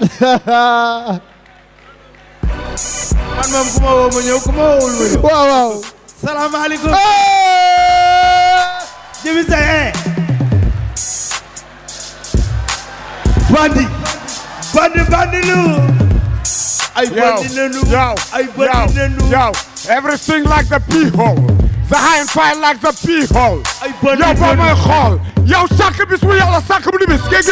man moom ku ma woo ma ñëw ku ma woowul ma ñëw. waaw waaw. salaamaaleykum. Jibi Seye. Eh. bandi. bandi bandi lu. ay bandi nanu. yow ay bandi nanu. yow everything like the pee hole. the high and fire like the pee hole. ay bandi nanu yow ba may xool. yow sàkk bis bu yàlla sàkk bu ni a tiis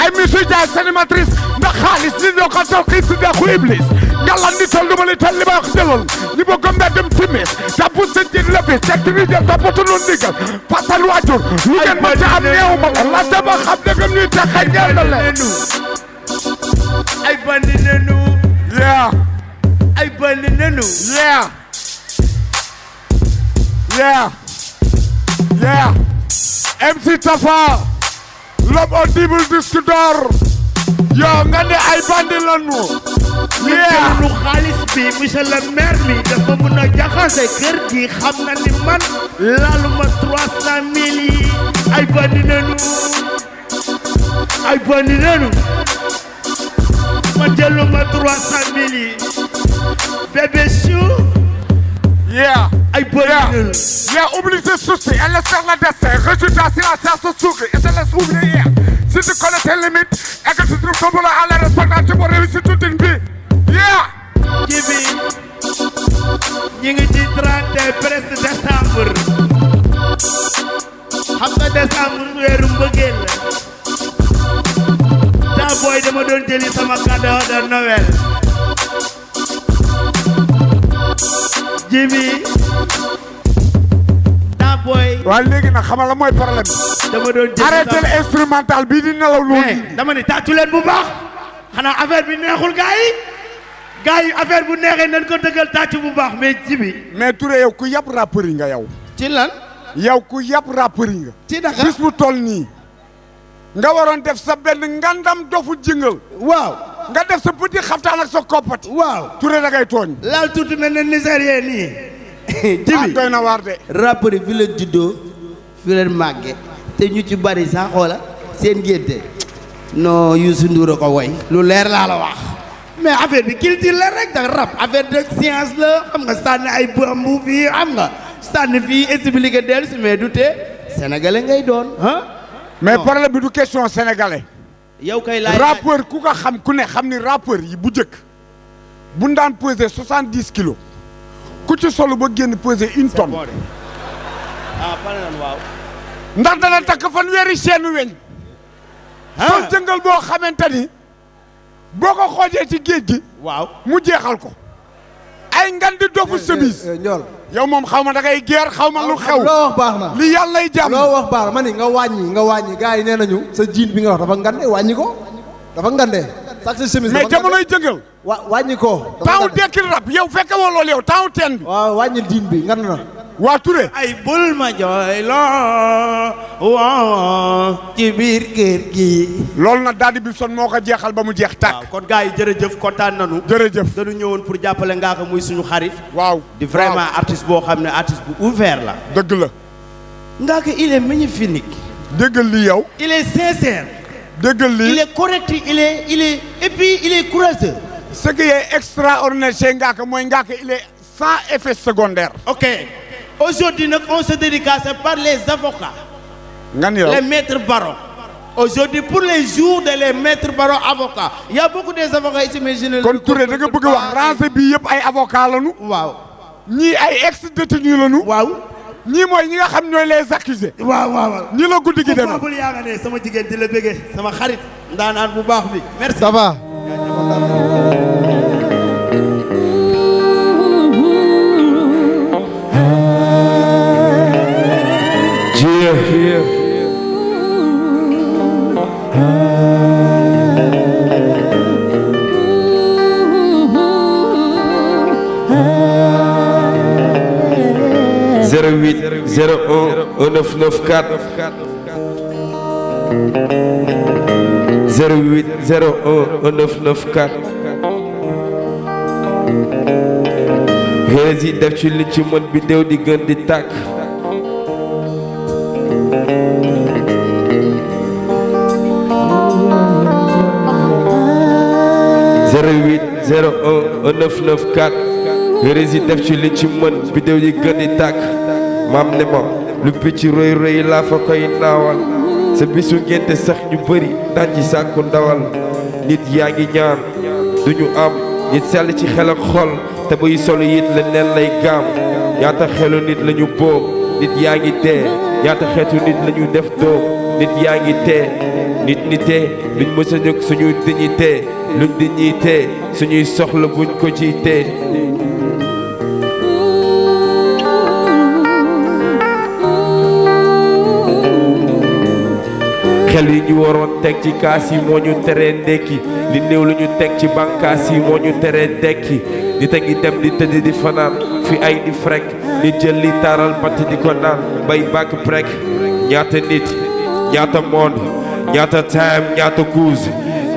ay mi su jaay animatrice ndax xaalis ni ñoo ko taw kii tuddee ko iblis ngalla ni tal duma li ma wax delol li bo gëm na dem timis ta bu seen jën lëpis te tini jël ta ma ca am ma ay bandi nenu yeah ay bandi MC Tafa l'homme au double disque d'or yow nga ne ay bandi lanu yeah lu xaalis bi monsieur le maire mi dafa mën a jaxase kër gi xam na ni man laaluma trois cent mille yi ay bandi nanu ay bandi ma jëluma trois cent mille Yeah. ay bëri ñun. yaa obligé suuf si elle est sur le destin résultat si la chasse suuf si elle est ouvrière. si tu connais tes limites et que tu trouves comme la à la responsable pour réussir tout une vie. yaa. ji bi ñu ngi ci 31 presque décembre. xam nga décembre weeru mbëggeel la. daa booy dama doon jëli sama cadeau de Noël. bi daa booy. léegi na xamal la mooy problème bi. dama doon jël arrêté instrumental bii di nelaw loolu. dama ne tàccu leen bu baax xanaa affaire bi neexul gars yi gars affaire bu neexee nañ ko dëggal tàccu bu baax mais jibi mais Touré yow ku yàpp rappeur yi nga yow. ci lan. yow ku yàpp rappeur yi nga. bis bu toll nii. nga waroon def sa benn ngandam dofu jingal waaw. nga def sa petit xaftaan ak sa koppati. waaw Touré da ngay tooñ. laal tuuti mel ne Nigérien nii. jibi ah, doy na waar fi leen juddoo fi leen màggee te ñu ci bari sax xoola seen génte non Youssou Ndour ko woy lu leer laa la wax. mais affaire bi culture la rek da rap affaire de science la xam nga sànni ay bambu fii xam nga sànni fii expliqué dellu si mais du tee sénégalais ngay doon ah. mais problème bi du question sénégalais. yow kay laaj rappeur ku ko xam ku ne xam ni rappeur yi bu jëkk bu daan peser soixante dix kilos ku ci solo ba génn peser une tonne. ah pare waaw. ndax dana takk fan weeri seenu weñ. Ah. sol jëngal boo xamante ni boo ko xoojee ci géej gi. waaw mu jeexal ko. ay ngan di dofu semis. Eh, eh, eh, yow moom xaw ma dangay geer xaw ma lu xew loo wax baax na li yàllay jàmm loo wax baax na ma ni nga wàññi nga wàññi gars yi nee nañu sa jiin bi nga wax dafa ngande wàññi ko dafa ngande sax sa chemise mais jamonoy jëngal wa wàññi ko taaw dekkil rab yow fekke woo loolu yow taaw teen bi waaw wàññi diin bi ngan na waa Touré ay bul ma jooyloo waaw ci biir kër gi. loolu na daal di Bibson moo ko jeexal ba mu jeex tàkk. waaw kon gars yi jërëjëf kontaan nañu. jërëjëf dañu ñëwoon pour jàppale Ngaaka muy suñu xarit. waaw di vraiment artiste boo xam ne artiste bu ouvert la. dëgg la. Ngaaka il est magnifique. déggal lii yow. il est sincère. déggal lii il est correct il est il est et puis Ngaaka mooy Ngaaka il est sans effet secondaire. ok. aujourd'hui nag on se dédicace par les avocats. nga ni yow les maîtres barons. aujourd'hui pour les jours de les maîtres barons avocats il y sa beaucoup des avocats ici mais je kon Touré da bëgg wax rangée bi yëpp ay avocats lañu. waaw ñii ay ex détenus lañu. waaw. ñii mooy ñi nga xam ñooy les accusés. waaw waaw waaw ñi la guddi gi demee ku bokkul yaa nga ne sama jigéen di la bëggee sama xarit. ndaanaan bu baax bi merci. 08 01 994 def ci li ci mën bi déw di gën di tàkk ci li ci mën bi déw di maam ne ma lu picc rëy rëy laa fa koy naawal sa bisu ngénte sax ñu bëri daan ci sàkku ndawal nit yaa ngi ñaan duñu am nit sell ci xel ak xol te buy solu it la neen lay gaam ñaata xelu nit la ñu boob nit yaa ngi tee ñaata xeetu nit la def doom nit yaa ngi tee nit ñi tee duñ mës a suñu suñuy dignité luñ dignité suñuy soxla buñ ko ciy tee xel yi ñu waroon teg ci kaas yi moo ñu teree ndekki li néew lu ñu teg ci bànkaas yi moo ñu teree dekki nit a ngi dem di tëdd di fanaan fi ay di frek nit jël li taaral matt di bay bàkk prek ñaata nit ñaata monde ñaata time ñaata cause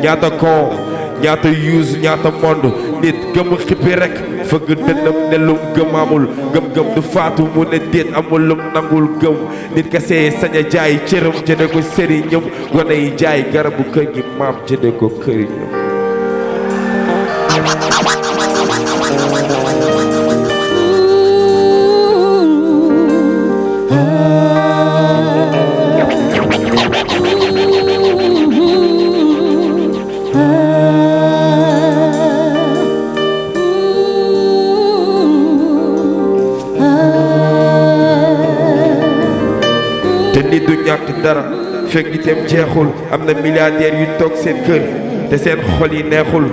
ñaata con ñaata use ñaata monde déet gëm xippi rek fëgg dëndam ne lum gëm amul gëm-gëm du faatu ne déet amul lum nangul gëm nit ka see sañ a jaay cëram jënde ko sëriñam gone yi jaay garabu kër gi maam jënde ko këriñam te nit du ñàkk dara fekk itam jeexul am na milliardaires yu toog seen kër te seen xol yi neexul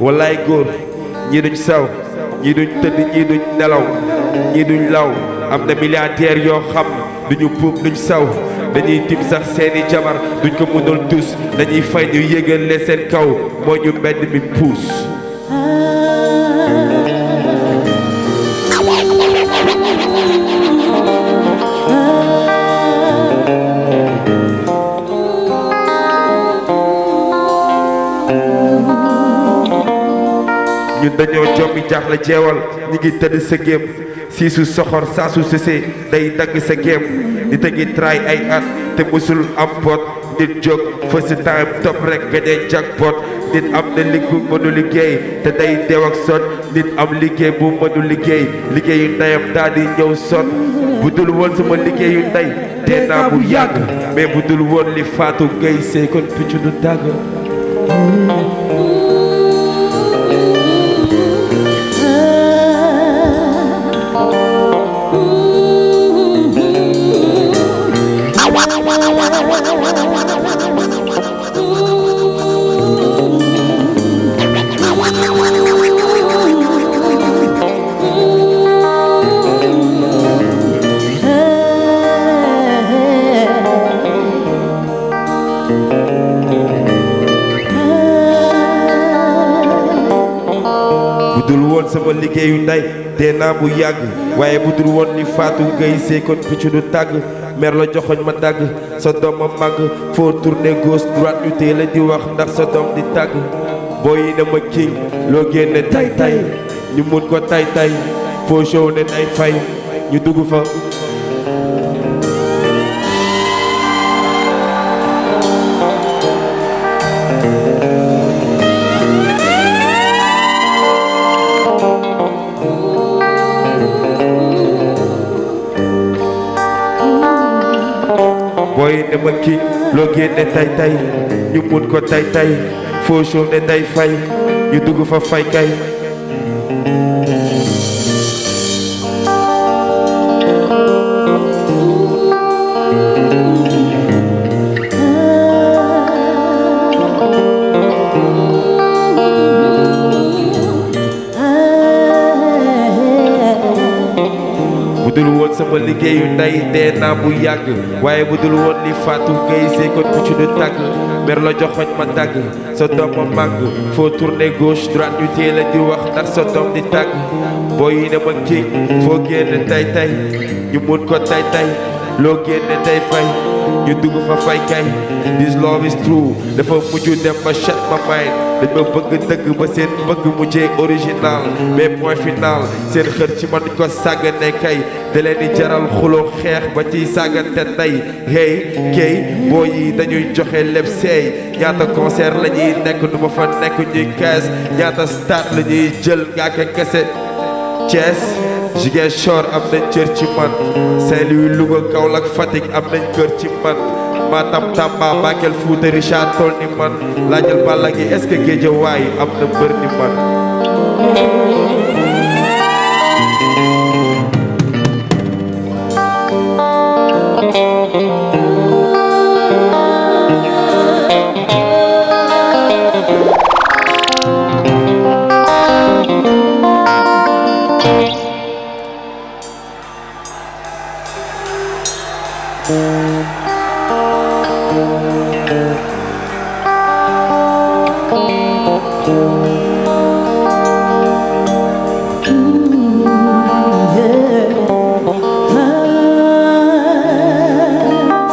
wallaay góor ñii duñ saw ñii duñ tëdd ñii duñ nelaw ñii duñ law am na milliardaires yoo xam duñu puub duñ saw dañuy tim sax seeni jabar duñ ko mënul tus dañuy fay ñu yëgal seen kaw moo ñu mbedd bi puus ñun dañoo jommi jaaxle jeewal ñi ngi tëdd sa géem siisu soxor saa su sësee day dagg sa géem di tegi tray ay at te musul am pot nit jóg first time top rek gagné jackpot nit am na liggéey mënu liggéey te day deew ak sot nit am liggéey bu mënu liggéey liggéeyu ndeyam daal di ñëw sot bu dul woon sama liggéeyu ndey dee naa bu yàgg mais bu dul woon li faatu ngay sey kon du tàgg sama liggéeyu nday dee naa bu yàgg waaye bu dul woon ni Fatou Gueye see kon picc du tàgg mer la ma dagg sa doom a màgg foo tourné gauche droite ñu tee la di wax ndax sa doom di tàgg boo yi na ma king loo génne tay tay ñu mun ko tay tay foo show ne day fay ñu dugg fa boy ne ma kii loo génne tay tay ñu mut ko tay tay foo show ne day fay ñu dugg fa fay kay sama liggéeyu ndey dee naa bu yàgg waaye bu dul woon li faatu ngay see kon ku ci du tàgg mer la joxoñ ma tàgg sa doom ma màgg foo tourné gauche droite ñu téye la di wax ndax sa doom di tàgg boo ma kiiñ foo génn tay tay ñu mun ko tay tay loo génn tay fay ñu dugg fa fay kay this love is true dafa mujj dem ba shut my mind dañ ma bëgg dëgg ba seen bëgg mujjee original mais point final seen xër ci man ko sàggane kay da leen jaral xuloo xeex ba ciy sàggante tey hey kay boo yi dañuy joxe lépp seey ñaata concert la ñuy nekk du ma fa nekk ñuy kees ñaata stade la ñuy jël ngaa ko kese Thiès Ziguinchor am nañ cër ci man Saint-Louis Louga Kaolack Fatick am nañ cër ci man Matam Tamba Bakel Fouta Richard toll ni man laajal Balla gi est-ce que Guédiawaye am na ni man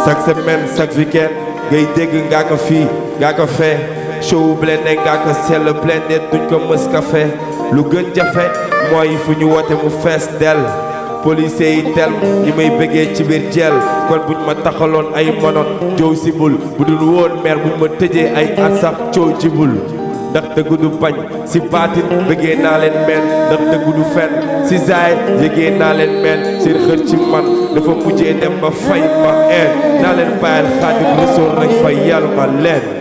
chaque semaine chaque week-end ngay dégg ngaa ko fii ngaa ko fee show bu leen ne ngaa ko sell bu duñ ko mës ka fee lu gën jafe mooy fu ñu woote mu fees dell policiers yi tel ñi may bëggee ci biir jeel kon buñ ma taxaloon ay monon jow sibul bu dul woon meer buñ ma tëjee ay at sax coow jibul ndax dëggu du bañ si baatin bëggee naa leen meen ndax dëggu du fen si zaay yëgee naa leen meen seen xër ci man dafa mujjee dem ba fay ma een eh. naa leen bàyyil xaadim rasool rek fa yàl ma leen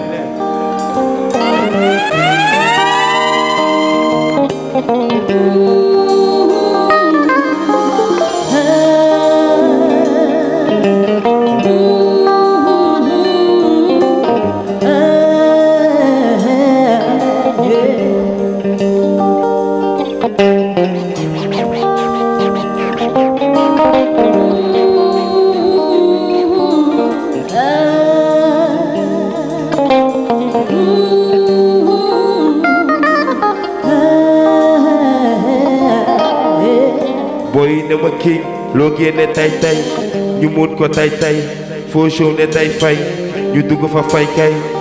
yëpp a kiiñ loo génne tay tay ñu muut ko tay tay foo show ne day fay ñu dugg fa fay